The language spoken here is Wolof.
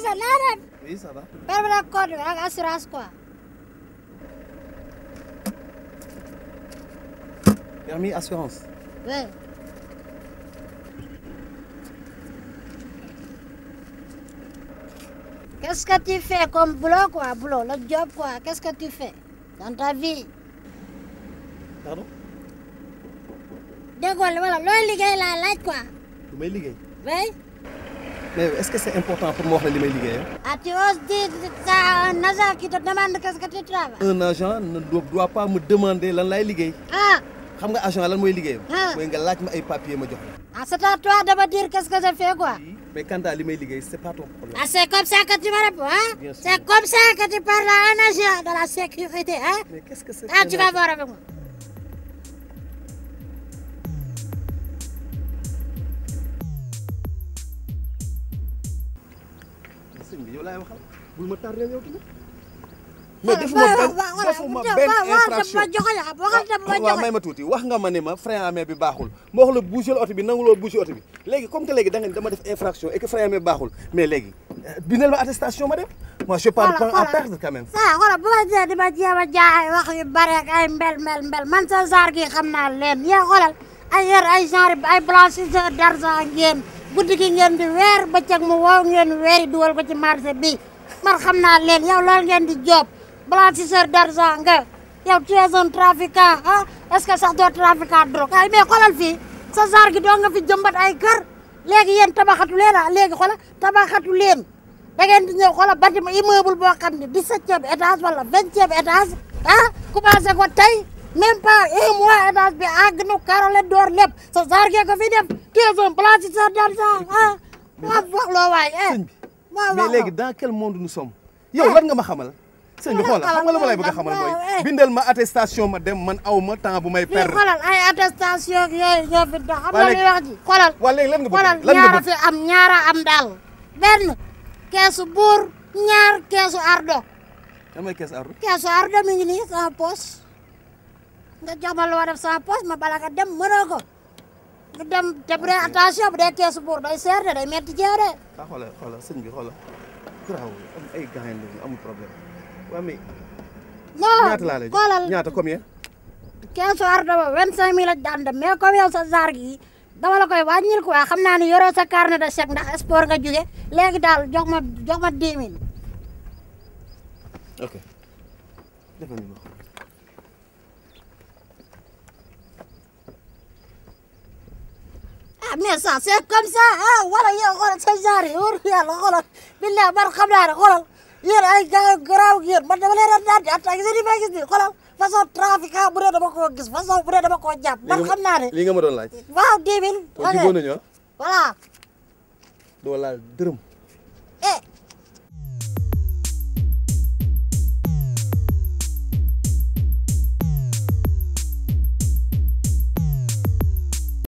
tu sais naa def. oui ça va. permis de conduire ak assurance quoi. permis assurance. oui. qu'est-ce que tu fais comme boulot quoi boulot le job quoi qu'est-ce que tu fais dans ta vie. pardon. déggoo li ma la looy liggéey laa laaj quoi. lu may liggéey. oui. mais est-ce que c'est important pour ma wax la li may liggéeyee. ah tu oses dire un agent qui te demande qu'est-ce que un agent ne doit pas me demander lan laay liggéey. ah. xam nga agent lan mooy liggéeyam. Ah. mooy nga laaj ma ay papiers ma jox la. ah c'est à toi de dire qu'est-ce que j'ai fait li may liggéey c'est pas ton problème. ah comme ça que tu me c'est comme ça que tu un agent de la sécurité hein. mais qu'est-ce que c'est ah, sëñ bi yow laay waxal bul ma tardeel yow tamit. mais defuma benn defuma benn infraction waaw may ma tuuti wax nga ma ne ma frein à main bi baaxul ma wax la bouger oto bi nangu loo bouger oto bi léegi comme que léegi da nga ni dama def infraction et que frein à main baaxul mais léegi bindal ma attestation ma dem moi je parle pas à perdre quand même sa xoolal bu ma jëlee di ma jéem a jaay wax yu bare ak ay mbel mbel mbel man sa genre gi xam naa leen yee xoolal ay yer ay genre ay blanchisseur d'argent ngeen guddi gi ngeen di weer bëccëg mu wow ngeen weeri duwal ko ci marché bi man xam naa leen yow loolu ngeen di job blanchisseur d'argent nga yow tu es un trafiquant ah est-ce que sax doo trafiquant drogue ay mais xoolal fii sa genre gi doo nga fi jëmbat ay kër léegi yéen tabaxatu leen ah léegi xoolal tabaxatu leen da ngeen di ñëw xoolal bâtiment immeuble boo xam ne dix-septième étage wala vingtième étage ah commencé ko tey même pas un mois étage eh bi àgg na karole door lépp sa saar gee ko fi def tieson place sa dal sa ah maa wax loo waay eh? sëñ bi mais léegi dans quel monde nous yow lan nga ma xamal sëñ bi xoolal xam nga la ma lay bëgg a xamal mooy eh? bindal ma attestation ma dem man aw ma temps bu may perdre xoolal ay attestation yooyu ñoo fi dox xam nga li wax ji xoolal waa léegi lan nga bëgg lan buur ñaar keesu ardo kan keesu ardo keesu mi ngi nii sama poche nga jox ma loo a sama poche ma bala nga dem mënoo ko nga dem te bu dee attention bu dee keesu buur day seer de day metti jeew de. ah xoolal xoolal sëñ bi xoolal. garaaw am ñaata laa lay xoolal ñaata combien. keesu ardo ba vingt cinq mille dem mais comme yow sa zaar gi dama la koy wàññil quoi xam naa ni yoroo sa carnet de chèque ndax sport nga jóge léegi daal jox ma jox ma ok. الناس كمسة اه ولا يا غلط سجاري يا غلط بالله بر خملار غلط yéen ay gars garaaw yéen man dama leen a naan di attaqué seen i may gis nii xoolal façon gis façon bu dee dama koo jàpp. man xam naa nga ma doon laaj. waaw 10 000. kon jubóo nañu ah. voilà.